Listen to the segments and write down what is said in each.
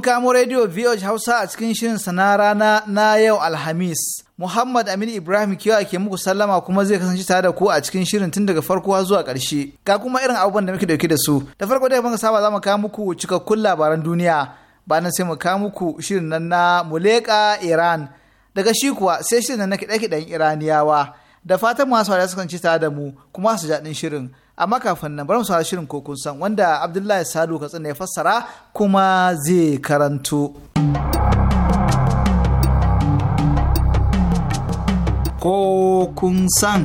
Kun kamo rediyo VOH Hausa a cikin shirin sana rana na yau Alhamis. Muhammad Aminu Ibrahim kewa ke muku sallama kuma zai kasance tare da ku a cikin shirin tun daga farko zuwa ƙarshe. Ga kuma irin abubuwan da muke dauke da su. Da farko dai muka saba za mu kawo muku cikakkun labaran duniya. Bayan sai mu kawo muku shirin nan na Muleka Iran. Daga shi kuwa sai shirin nan na kiɗe-kiɗen Iraniyawa. Da fatan masu wariya su kasance tare da mu kuma su jaɗin shirin. amma kafin nan bari mu saurari shirin kokun san wanda abdullahi salu katsina ya fassara kuma zai karanto kokun san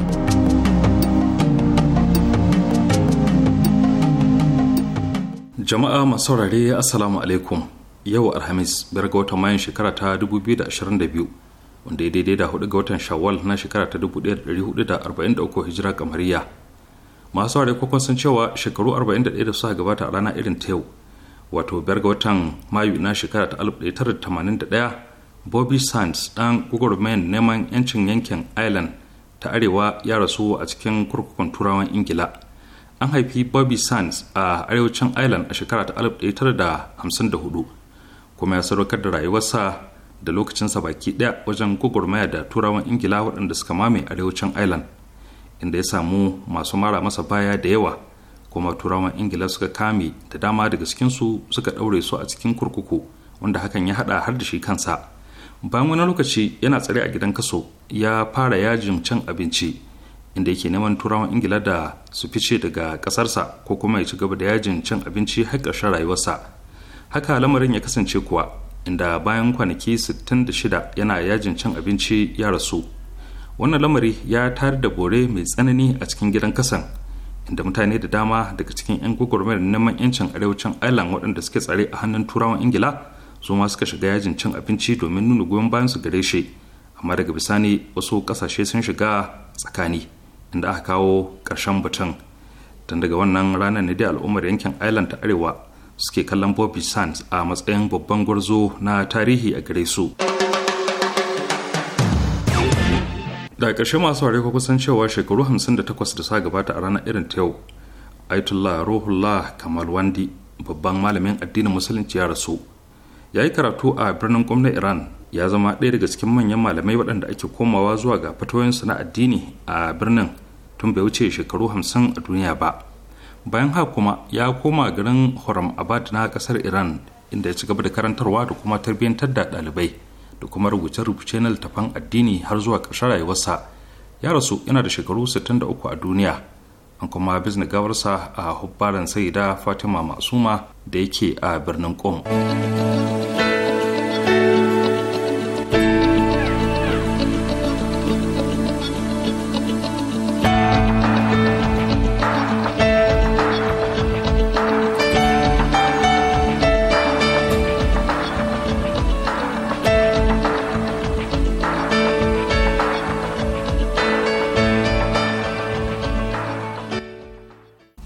jama'a masu saurare assalamu alaikum yau alhamis biyar ga watan mayan shekara ta 2022 wanda ya daidai da hudu ga watan shawwal na shekara ta 1443 hijira kamariya masu ware kokon sun cewa shekaru 41 da suka gabata a rana irin ta yau wato biyar ga watan mayu na shekara ta 1981 bobby sands dan gugurmen neman yancin yankin ireland ta arewa ya rasu a cikin kurkukun turawan ingila an haifi bobby sands a arewacin ireland a shekara ta 1954 kuma ya sadaukar da rayuwarsa da lokacinsa baki daya wajen gugurmaya da turawan ingila waɗanda suka mame arewacin ireland inda ya samu masu mara masa baya da yawa kuma turawan ingila suka kame da dama daga cikinsu suka ɗaure su a cikin kurkuku wanda hakan ya haɗa har da shi kansa bayan wani lokaci yana tsare a gidan kaso ya fara yajin cin abinci inda yake neman turawan ingila da su fice daga ƙasarsa ko kuma ya ci gaba da yajin cin abinci har ƙarshen rayuwarsa haka lamarin ya kasance kuwa inda bayan kwanaki 66 yana yajin cin abinci ya rasu wannan lamari ya tare da bore mai tsanani a cikin gidan kasan inda mutane da dama daga cikin 'yan gwagwarmayar neman 'yancin arewacin ireland waɗanda suke tsare a hannun turawan ingila su ma suka shiga yajin cin abinci domin nuna goyon bayan su gare shi amma daga bisani wasu kasashe sun shiga tsakani inda aka kawo karshen batun tun daga wannan ranar ne dai al'ummar yankin ireland ta arewa suke kallon bobby sands a matsayin babban gwarzo na tarihi a gare su. da ƙarshe masu ware ko kusan cewa shekaru 58 da sa gabata a ranar irin ta yau aitullah ruhullah kamal wandi babban malamin addinin musulunci ya rasu ya yi karatu a birnin gwamnan iran ya zama ɗaya daga cikin manyan malamai waɗanda ake komawa zuwa ga fatoyinsu na addini a birnin tun bai wuce shekaru 50 a duniya ba bayan haka kuma ya koma garin horam abad na ƙasar iran inda ya ci gaba da karantarwa da kuma tarbiyyantar da ɗalibai da kuma rubuce-rubuce na littafan addini har zuwa ƙarshen rayuwarsa ya rasu yana da shekaru 63 a duniya an kuma bizne gawarsa a hubbaran saida fatima masuma da yake a birnin kom.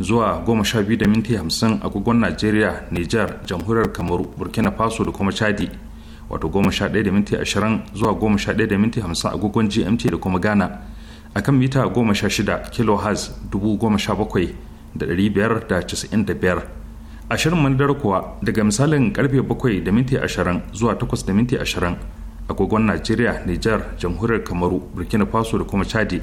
zuwa goma sha biyu da minti agogon najeriya nijar jamhuriyar kamaru burkina faso da kuma chadi wato goma sha ɗaya da minti zuwa goma sha ɗaya agogon gmt da kuma ghana akan mita goma sha shida kilohertz dubu goma sha bakwai biyar da da biyar ashirin mandar kuwa daga misalin karfe bakwai da minti ashirin zuwa takwas da minti ashirin agogon najeriya nijar jamhuriyar kamaru burkina faso da kuma chadi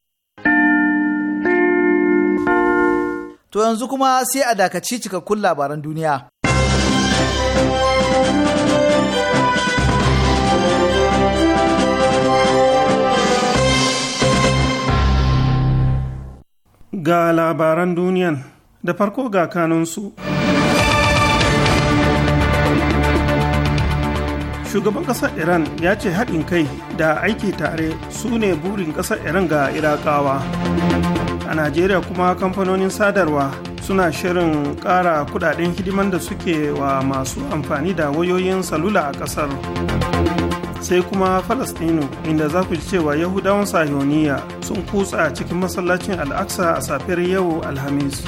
To yanzu kuma sai a dakaci cikakkun labaran duniya. Ga labaran duniyan da farko ga kanunsu. Shugaban ƙasar Iran ya ce haɗin kai da aiki tare su ne burin ƙasar Iran ga Irakawa. a najeriya kuma kamfanonin sadarwa suna shirin ƙara kudaden hidiman da suke wa masu amfani da wayoyin salula a ƙasar sai kuma falastinu inda za ku ji cewa yahudawan sahioniya sun kutsa cikin masallacin al'aksa a safiyar yau alhamis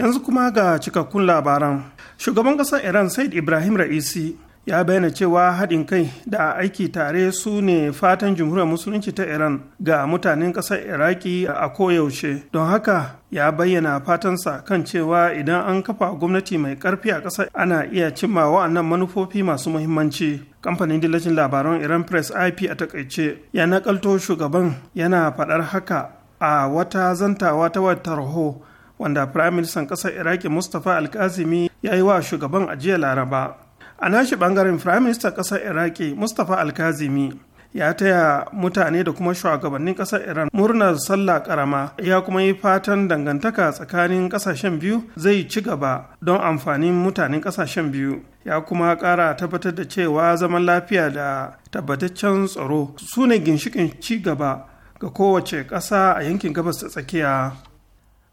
yanzu kuma ga cikakkun labaran shugaban ƙasar iran said ibrahim ra'isi ya bayyana cewa haɗin kai da aiki tare su ne fatan jamhuriyar musulunci ta iran ga mutanen ƙasar iraki a koyaushe don haka ya bayyana fatansa kan cewa idan an kafa gwamnati mai ƙarfi a ƙasar ana iya cimma wa'annan manufofi masu muhimmanci kamfanin dillacin labaran iran press ip a takaice ya nakalto shugaban yana faɗar haka a wata zantawa ta wata raho wanda firaministan ƙasar iraki mustapha alkazimi ya yi wa shugaban a jiya laraba a nashi bangaren firayim ministan ƙasar iraki mustapha alkazimi ya taya mutane da kuma shugabannin ƙasar iran murnar sallah karama ya kuma yi fatan dangantaka tsakanin ƙasashen biyu zai ci gaba don amfanin mutanen ƙasashen biyu ya kuma ƙara tabbatar da cewa zaman lafiya da tabbataccen tsaro su ne ginshikin ci gaba ga kowace ƙasa a yankin gabas ta tsakiya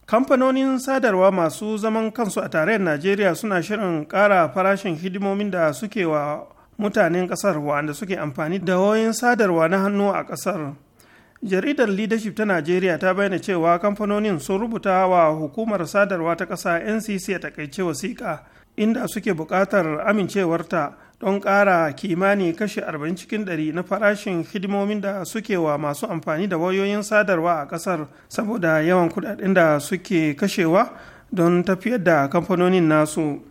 kamfanonin sadarwa masu zaman kansu a tarayyar najeriya suna shirin ƙara farashin hidimomin da suke wa mutanen ƙasar wanda suke amfani da wayoyin sadarwa na hannu a ƙasar jaridar leadership ta najeriya ta bayyana cewa kamfanonin sun rubuta wa hukumar sadarwa ta ƙasa ncc a takaice wasiƙa inda suke buƙatar amincewarta don ƙara kimani kashi 40 cikin 100 na farashin hidimomin da suke wa masu amfani da wayoyin sadarwa a ƙasar saboda yawan kudaden da suke kashewa don tafiyar da kamfanonin nasu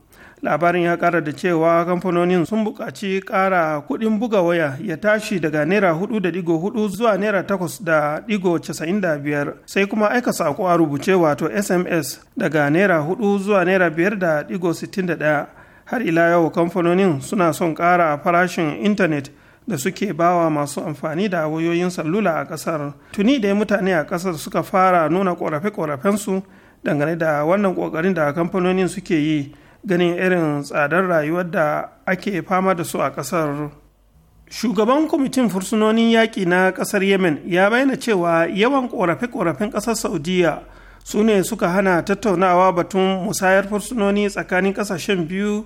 labarin ya kara da cewa kamfanonin sun buƙaci ƙara kuɗin buga waya ya tashi daga naira hudu da digo hudu zuwa naira takwas da digo casa'in da biyar sai kuma aika saƙo a rubuce wato sms daga naira hudu zuwa naira biyar da digo sittin da ɗaya har ila yau kamfanonin suna son ƙara farashin intanet da suke bawa masu amfani da wayoyin salula a ƙasar tuni da mutane a ƙasar suka fara nuna ƙorafe-ƙorafensu dangane da wannan ƙoƙarin da kamfanonin suke yi ganin irin tsadar rayuwar da ake fama da su a ƙasar. Shugaban kwamitin fursunonin yaƙi na ƙasar Yemen ya bayyana cewa yawan ƙorafe-ƙorafen ƙasar Saudiya su ne suka hana tattaunawa batun musayar fursunoni tsakanin ƙasashen biyu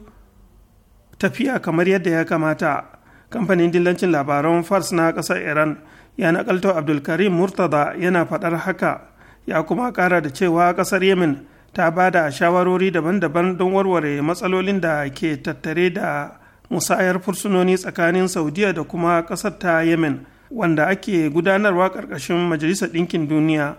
tafiya kamar yadda ya kamata. Kamfanin dillancin labaran Fars na ƙasar Iran ya nakalto Abdulkarim Murtada yana faɗar haka ya kuma ƙara da cewa ƙasar Yemen ta ba da shawarori daban-daban don warware matsalolin da ke tattare da musayar fursunoni tsakanin saudiya da kuma ƙasar ta yemen wanda ake gudanarwa ƙarƙashin majalisar ɗinkin duniya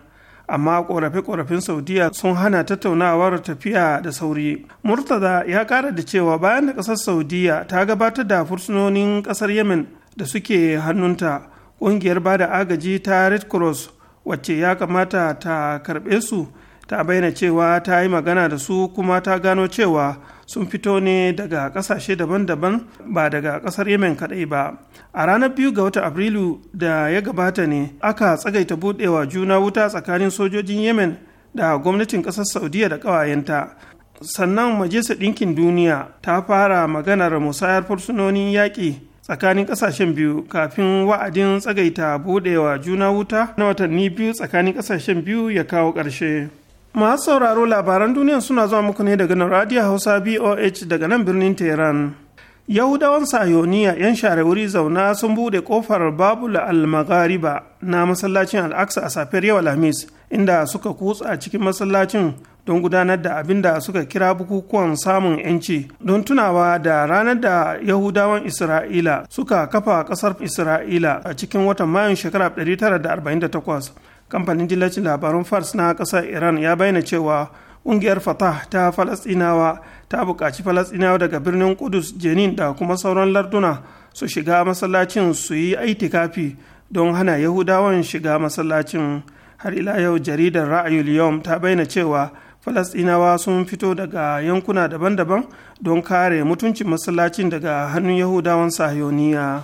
amma ƙorafe korafen saudiya sun hana tattaunawar tafiya da sauri murtaza ya kara da cewa bayan da ƙasar saudiya ta gabatar da fursunonin ƙasar yemen da suke hannunta ƙungiyar ba da agaji ta red cross wacce ya kamata ta karɓe su ta bayyana cewa ta yi magana da su kuma ta gano cewa sun fito ne daga kasashe daban-daban ba daga kasar yamen kadai ba a ranar biyu ga watan afrilu da ya gabata ne aka tsagaita budewa juna wuta tsakanin sojojin yemen da gwamnatin kasar saudiya da kawayenta sannan majalisar ɗinkin duniya ta fara maganar musayar fursunonin yaƙi tsakanin ƙasashen biyu kafin wa'adin tsagaita budewa juna wuta na watanni biyu tsakanin ƙasashen biyu ya kawo ƙarshe. masu sauraro labaran duniya suna zuwa muku ne daga radio hausa boh daga nan birnin tehran yahudawan sayoniya yan share wuri zauna sun bude kofar babul al-maghariba na masallacin al-aqsa a safiyar yau alhamis inda suka kutsa cikin masallacin don gudanar da abin da suka kira bukukuwan samun yanci don tunawa da ranar da yahudawan isra'ila suka kafa ƙasar isra'ila a cikin watan mayun shekara 1948 kamfanin dillacin labarun fars na kasar iran ya bayyana cewa ƙungiyar fatah ta falasɗinawa ta buƙaci falasɗinawa daga birnin kudus jenin da kuma sauran larduna su shiga masallacin su yi aitikafi don hana yahudawan shiga masallacin har ila yau jaridar ra'ayul yom ta bayyana cewa falasɗinawa sun fito daga yankuna daban-daban don kare mutuncin masallacin daga hannun yahudawan sahiyoniya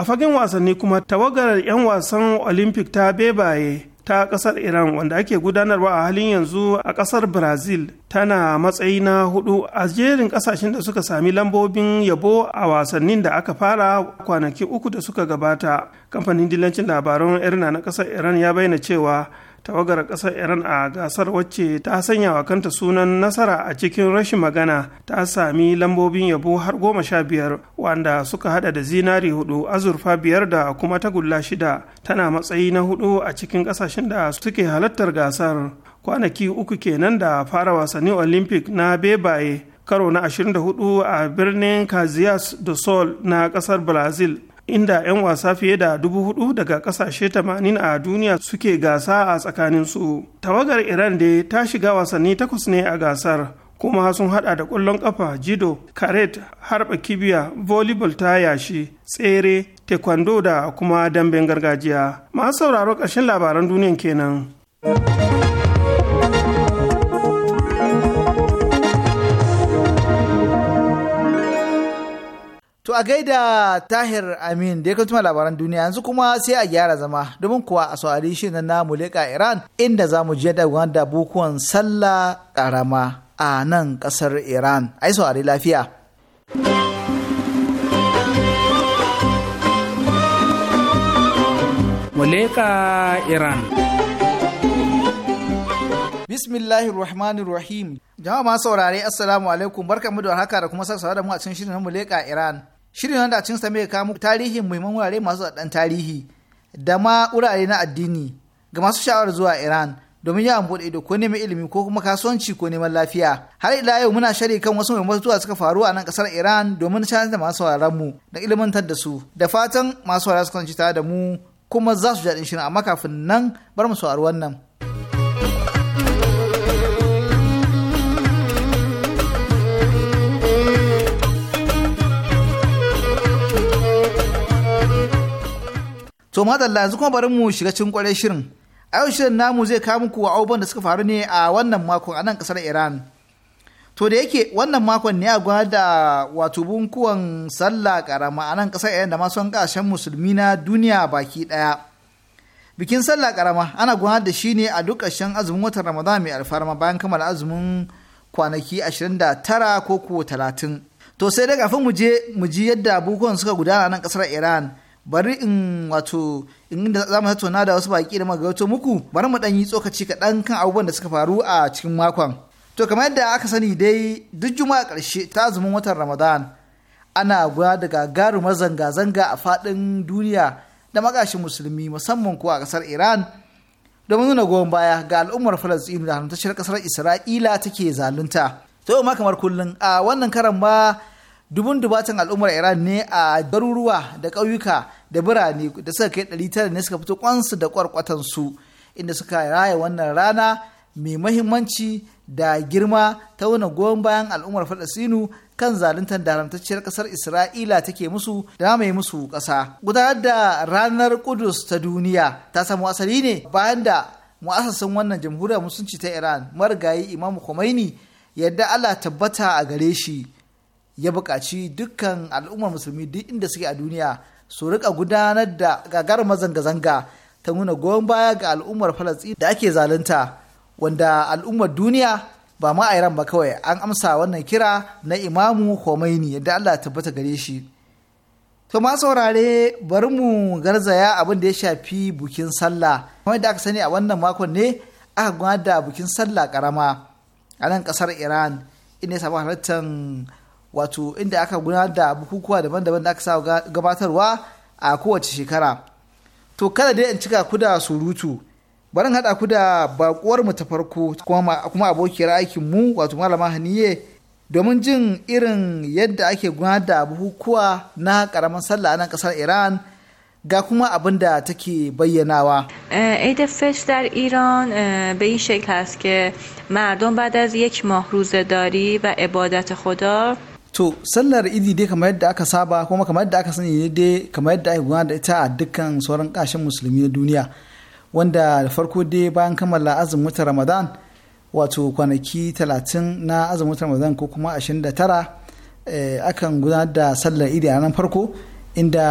a fagen wasanni kuma tawagar 'yan wasan olympic ta bebaye ta kasar iran wanda ake gudanarwa a halin yanzu a kasar brazil tana matsayi na hudu a jerin kasashen da suka sami lambobin yabo a wasannin da aka fara kwanaki uku da suka gabata kamfanin dillancin labaran irina na kasar iran ya bayyana cewa tawagar ƙasar iran a gasar wacce ta sanya wa kanta sunan nasara a cikin rashin magana ta sami lambobin yabo har goma sha biyar wanda suka hada da zinari hudu azurfa biyar da kuma tagulla shida tana matsayi na hudu a cikin ƙasashen da suke halartar gasar kwanaki uku kenan da fara wasannin olympic na bebaye karo na 24 a birnin kaziyas do sol na kasar brazil inda 'yan wasa fiye da dubu hudu daga kasashe 80 a duniya suke gasa a tsakaninsu. Tawagar Iran da ta shiga wasanni takwas ne a gasar, kuma sun hada da kullon ƙafa, jido, karet, harba kibiya, volleyball ta yashi, tsere, taekwondo da kuma damben gargajiya. Masu sauraro ƙarshen labaran duniyan kenan. To a gaida Tahir Amin da ya kuma labaran duniya yanzu kuma sai a gyara zama domin kuwa a saurari shi na leƙa Iran inda za mu je da wanda bukuwan sallah ƙarama a nan kasar Iran. Ai saurari lafiya. Muleka Iran. Bismillahir Rahmanir Rahim. Jama'a masu saurare Assalamu alaikum barkamu da haka da kuma sassa da mu a cikin shirin Muleka Iran. Shirin wanda a cikin sa mai kawo tarihin muhimman wurare masu ɗan tarihi da ma wurare na addini ga masu sha'awar zuwa Iran domin yawon buɗe ido ko neman ilimi ko kuma kasuwanci ko neman lafiya. Har ila yau muna shari kan wasu muhimman zuwa suka faru a nan kasar Iran domin shanar da masu mu da ilimantar da su. Da fatan masu sauraron su kan da mu kuma za su jaɗin shirin amma kafin nan bar mu saurari wannan. To madalla yanzu kuma bari mu shiga cikin kwarai shirin. A yau shirin namu zai kawo muku abubuwan da suka faru ne a wannan makon a nan kasar Iran. To da yake wannan makon ne a gwada wato bunkuwan sallah karama a nan kasar Iran da masu kasashen musulmi na duniya baki daya. Bikin sallah karama ana gwada da shi ne a duk ƙarshen azumin watan Ramadan mai alfarma bayan kammala azumin kwanaki 29 ko ko 30. To sai dai kafin mu je mu ji yadda bukuwan suka gudana a nan kasar Iran. bari in wato in inda za mu tattauna da wasu baki da magauto muku bari mu dan yi tsokaci kaɗan kan abubuwan da suka faru a cikin makon to kamar yadda aka sani dai duk juma'a ƙarshe ta azumin watan ramadan ana guda da gagarumar zanga-zanga a faɗin duniya da magashin musulmi musamman kuwa a ƙasar iran domin nuna goyon baya ga al'ummar falastinu da haramtacciyar ƙasar isra'ila take zalunta to ma kamar kullum a wannan karan ba dubun dubatan al'ummar iran ne a garuruwa da ƙauyuka da birane da suka kai ɗari tara ne suka fito kwansu da kwarkwatansu inda suka raya wannan rana mai mahimmanci da girma ta wani goyon bayan al'ummar falasinu kan zaluntar da haramtacciyar ƙasar isra'ila take musu da mai musu ƙasa gudanar da ranar kudus ta duniya ta samu asali ne bayan da mu'asasan wannan jamhuriyar musulunci ta iran marigayi imam khomeini yadda allah tabbata a gare shi ya buƙaci dukkan al'ummar musulmi duk inda suke a duniya su rika gudanar da gagarumar mazanga zanga ta nuna goyon baya ga al'ummar falasti da ake zalunta wanda al'ummar duniya ba ma iran ba kawai an amsa wannan kira na imamu khomeini yadda allah tabbata gare shi to ma saurare bari mu garzaya abin da ya shafi bukin sallah kamar da aka sani a wannan makon ne aka gwada bukin sallah karama a nan kasar iran inda ya samu halartar wato inda aka gudanar da bukukuwa daban-daban da aka sa gabatarwa a kowace shekara to kada dai in cika ku da surutu barin haɗa ku da bakuwar mu ta farko kuma abokiyar aikin mu wato malama haniye domin jin irin yadda ake gudanar da bukukuwa na karamin sallah nan kasar iran ga kuma abin da take bayyanawa. عید eh, فش در ایران eh, به این شکل هست که مردم بعد از یک ماه dari va ibadat khoda to sallar idi dai kamar yadda aka saba kuma kamar yadda aka sani ne dai kamar yadda ake gudanar da ita a dukkan sauran kashin musulmi na duniya wanda da farko dai bayan kammala azumin watan ramadan wato kwanaki talatin na azumin watan ramadan ko kuma ashirin da tara eh, akan gudanar da sallar idi a nan farko inda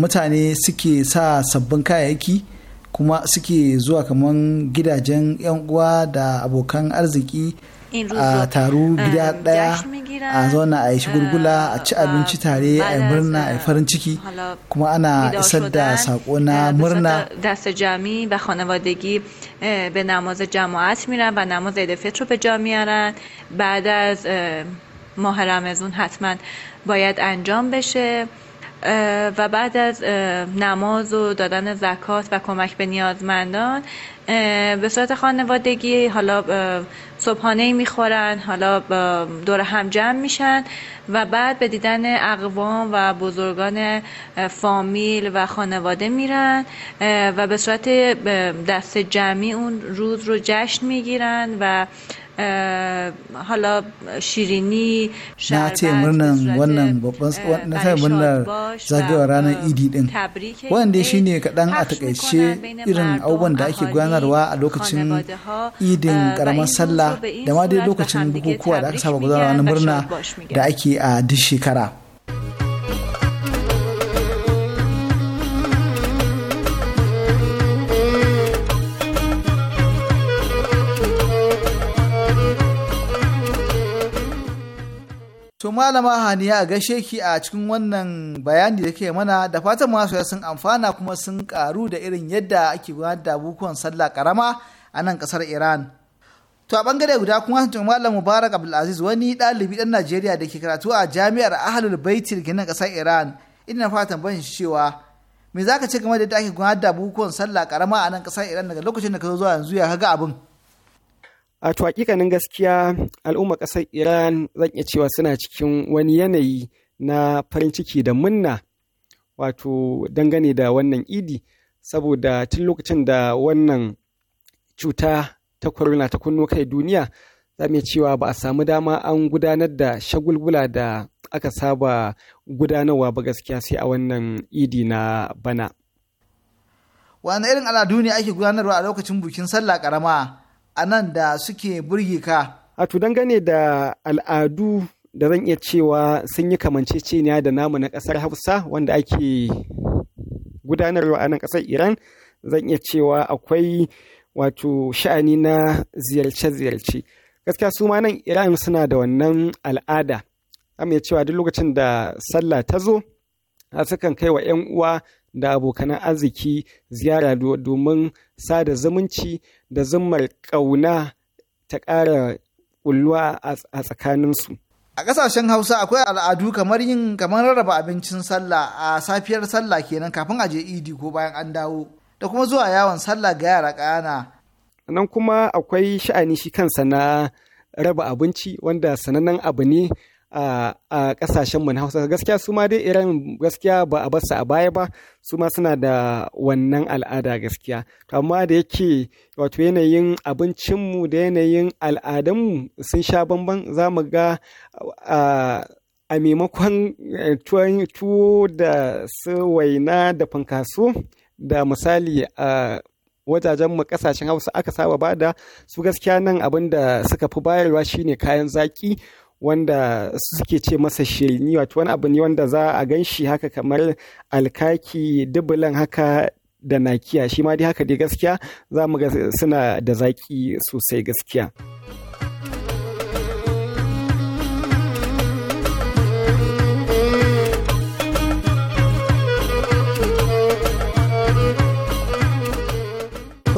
mutane suke sa sabbin kayayyaki kuma suke zuwa kamar gidajen 'yan uwa da abokan arziki تارو بیا دیا از آن عایش چه آبون چی تاری مرنا فرنچیکی کم آن اسد دست ها کونا مرنا دست جامی و خانوادگی به نماز جماعت میرن و نماز عید فطر به جامی آن بعد از ماه رمضان حتما باید انجام بشه و بعد از نماز و دادن زکات و کمک به نیازمندان به صورت خانوادگی حالا صبحانه میخورن حالا دور هم جمع میشن و بعد به دیدن اقوام و بزرگان فامیل و خانواده میرن و به صورت دست جمعی اون روز رو جشن میگیرن و حالا shirini na ce murnan wannan babban na ta murnar zagayowar ranar idi din wanda shi ne kaɗan a takaice irin abubuwan da ake gudanarwa a lokacin idin karamar sallah da ma dai lokacin bukukuwa da aka saba gudanarwa na murna da ake a duk shekara malama haniya a gaishe ki a cikin wannan bayani da ke mana da fatan masoya sun amfana kuma sun karu da irin yadda ake gudanar da bukuwan sallah karama a nan kasar Iran. To a bangare guda kuma sun malam Mubarak Abdulaziz wani ɗalibi ɗan Najeriya da ke karatu a jami'ar Ahlul Baiti da nan kasar Iran. Ina fatan ban cewa me zaka ce game da yadda ake gudanar da bukuwan sallah karama a nan kasar Iran daga lokacin da ka zo zuwa yanzu ya kaga abin. a to hakikanin gaskiya al'umma kasar iran zan iya cewa suna cikin wani yanayi na farin ciki da munna wato dangane da wannan idi saboda tun lokacin da wannan cuta ta corona ta kunno kai duniya za mu cewa ba a samu dama an gudanar da shagulgula da aka saba gudanarwa ba gaskiya sai a wannan idi na bana wani irin al'adu ne ake gudanarwa a lokacin bukin sallah karama a nan da suke burge ka? A dangane da al'adu da zan iya cewa sun yi kamanceceniya da namu na ƙasar Hausa wanda ake gudanarwa a nan ƙasar Iran zan iya cewa akwai wato sha'ani na ziyarce-ziyarce. Gaskiya su ma nan Iran suna da wannan al'ada. Amma ya cewa duk lokacin da sallah ta zo, sukan kai wa 'yan uwa da abokanan arziki ziyara domin sada zumunci da zummar ƙauna ta ƙara ƙulluwa a tsakaninsu. A ƙasashen Hausa akwai al'adu kamar yin kamar rarraba abincin sallah a safiyar sallah kenan kafin a je idi ko bayan an dawo da kuma zuwa yawon sallah ga yara ƙana. Nan kuma akwai sha'ani shi kansa na raba abinci wanda sanannen abu ne a kasashen mu na Hausa gaskiya su ma dai irin gaskiya ba a su a baya ba su ma suna da wannan al'ada gaskiya to amma da yake wato yanayin abincin mu da yanayin al'adun mu sun sha bamban za mu ga a maimakon eh, tuwo da su waina da fankaso da misali a wajajen mu kasashen hausa aka saba bada su gaskiya nan abin da suka fi bayarwa shine kayan zaki wanda suke ce masa shirini wato wani abu ne wanda za a gan shi haka kamar alkaki dubulan haka da nakiya shi ma dai haka dai gaskiya za mu ga suna da zaki sosai gaskiya.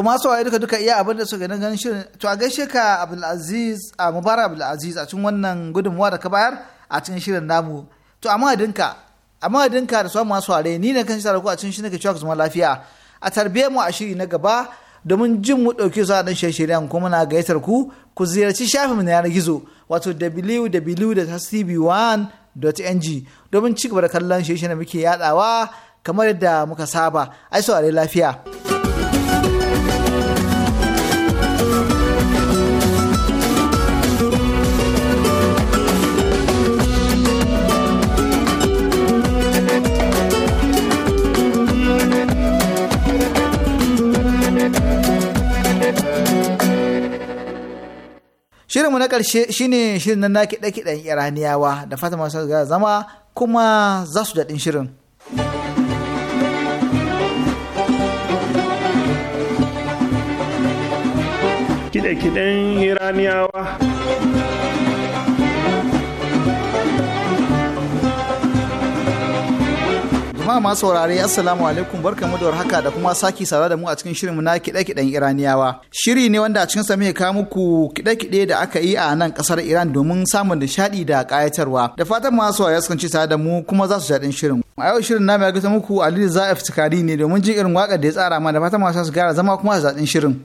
kuma su duka duka iya abin da suka ganin shirin to a gaishe ka abdulaziz a mubarak abdulaziz a cikin wannan gudunmuwa da ka bayar a cikin shirin namu to a madadinka a madadinka da sauran masu ware ni ne kan shi ku a cikin shirin ke cewa zama lafiya a tarbiyyar mu a shiri na gaba domin jin mu ɗauke su a ɗan shirye-shiryen kuma na gayyatar ku ku ziyarci shafin mu na yanar gizo wato www.cb1.ng domin ci gaba da kallon shirye-shiryen da muke yadawa kamar yadda muka saba ai saurare lafiya. Shirinmu na ƙarshe shine shirin na naki ɗan Iraniyawa da fata masu zama kuma za su daɗin shirin. Kiɗe-kiɗen Iraniyawa. jama'a masu saurare assalamu alaikum barkamu da warhaka da kuma saki saura da mu a cikin shirin na kiɗe-kiɗen iraniyawa shiri ne wanda a cikin sa muke kawo muku kiɗe-kiɗe da aka yi a nan kasar iran domin samun nishaɗi da kayatarwa. da fatan masu saurare sun ci tare da mu kuma za su ji shirin a yau shirin na ya gata muku aliyu za'if tikari ne domin jin irin waƙar da ya tsara ma da fatan masu su gara zama kuma su jaɗin shirin.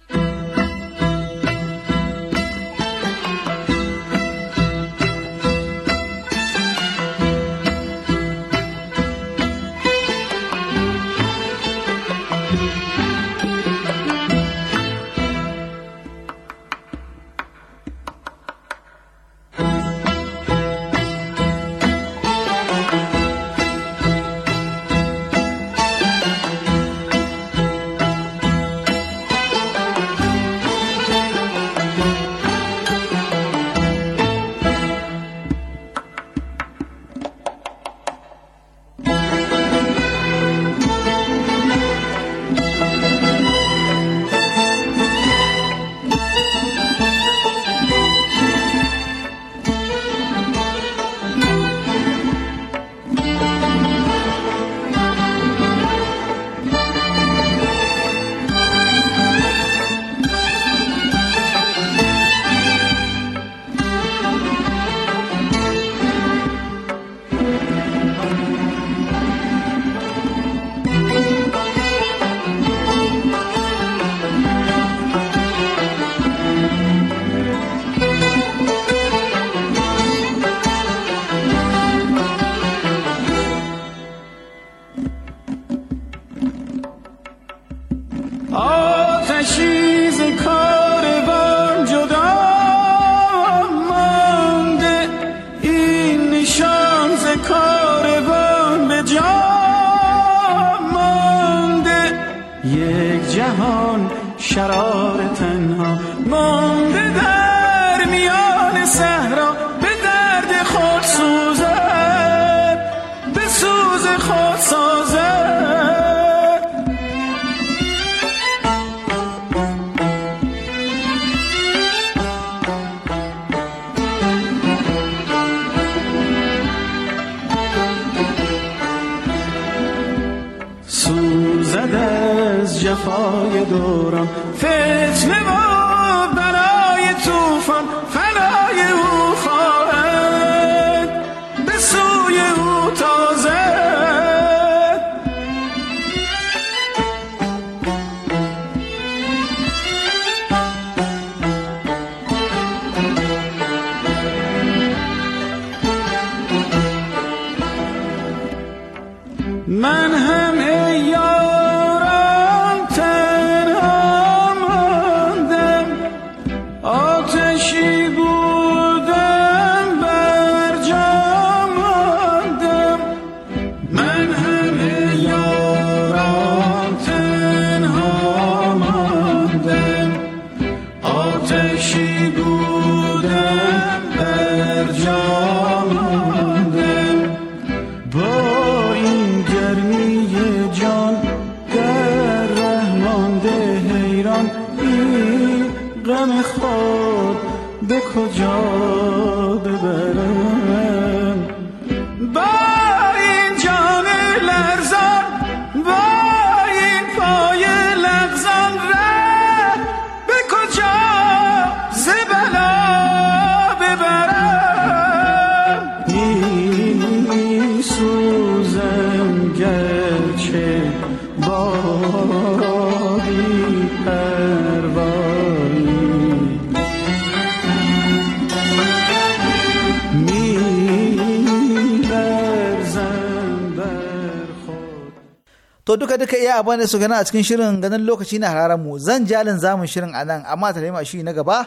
to duka duka iya abin da su gana a cikin shirin ganin lokaci na hararan mu zan jalin zamun shirin a nan amma ta nema shi na gaba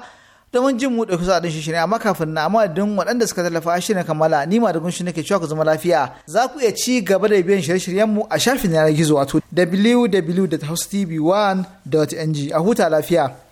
domin jin mu ɗauki sa'adin shi shirin amma kafin na amma don waɗanda suka tallafa shirin kammala ni ma da gunshi nake cewa ku zama lafiya za ku iya ci gaba da biyan shirye-shiryen mu a shafin yanar gizo wato wwwhostv 1ng a huta lafiya.